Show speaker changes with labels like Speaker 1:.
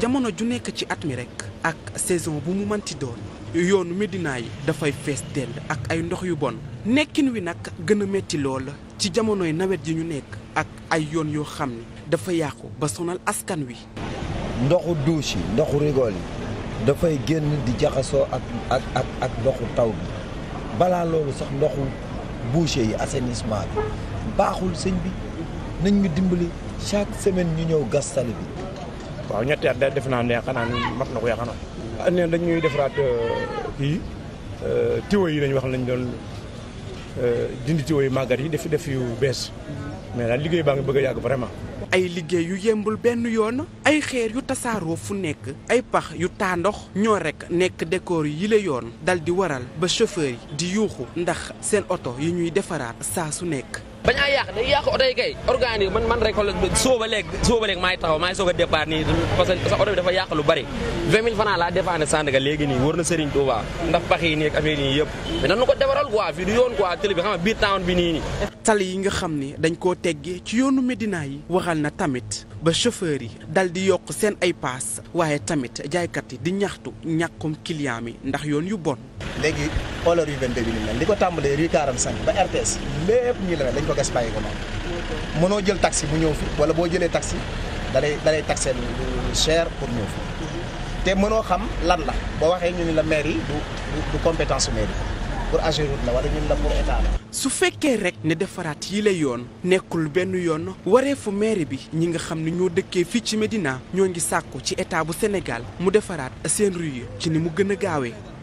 Speaker 1: jamono ju nekk ci at mi rek ak saison bu mu manti doon yoonu Médina yi dafay fees dell ak ay ndox yu bon nekkin wi nag gën a metti lool ci jamonoy nawet yi ñu nekk ak ay yoon yoo xam ne dafa yàqu ba sonal askan wi
Speaker 2: ndoxu douche yi ndoxu rigol yi dafay génn di jaxasoo ak ak ak ndoxu taw bi balaa loolu sax ndoxu boucher yi assainissement bi baaxul sëñ bi nañ dimbali chaque semaine ñu ñëw gas tali bi
Speaker 3: waaw ñetti at def naa ne xanaa mat na ko yaa xanaa ah nee dañ ñuy defaraat euh, kii euh, tiwo yi lañ wax lañ doon euh, dindi tiwo yu màggat yi def def yu bees
Speaker 1: mais daal liggéey baa ngi bëgg a yàgg vraiment. ay liggéey yu yembul benn yoon ay xeer yu tasaaroo fu nekk ay pax yu taandox ñoo rek nekk décor yi la yoon dal di waral ba chauffeur yi di yuuxu ndax seen oto yi ñuy defaraat saa su nekk.
Speaker 4: bañ a yàq day yàq oto yi kay organique man man rek soo ba soo ba léegi maay taxaw maay soog a départ nii parce que sa oto bi dafa yàq lu bari 20 000 francs laa dépanne léegi nii wër na Serigne Touba ndax pax yi nii ak affaire yi yëpp mais nan ko defaral quoi fii du yoon quoi télé bi xam nga biir town bi nii nii tali yi nga xam ne dañ
Speaker 1: koo teggee ci yoonu Médina yi waxal na tamit ba chauffeur yi dal di yokk seen ay paas waaye tamit jaaykat yi di ñaxtu ñàkkum client mi ndax yoon yu bon léegi xoolal rue 22 bi ni la li ko tàmbalee rue 45 ba RTS lépp nii la mel dañ ko gas bàyyi ko noonu
Speaker 5: mënoo jël taxi bu ñëw fi wala boo jëlee taxi dalay dalay taxé lu cher pour ñëw te mënoo xam lan la boo waxee ñu la maire yi du du compétence su maire yi pour Ageroute la wala ñu la pour état la.
Speaker 1: su fekkee rek ne defaraat yi la yoon nekkul benn yoon wareefu maire bi ñi nga xam ni ñoo dëkkee fii ci Médina ñoo ngi sàkku ci état bu Sénégal mu defaraat seen yi ci ni mu gën a gaawee.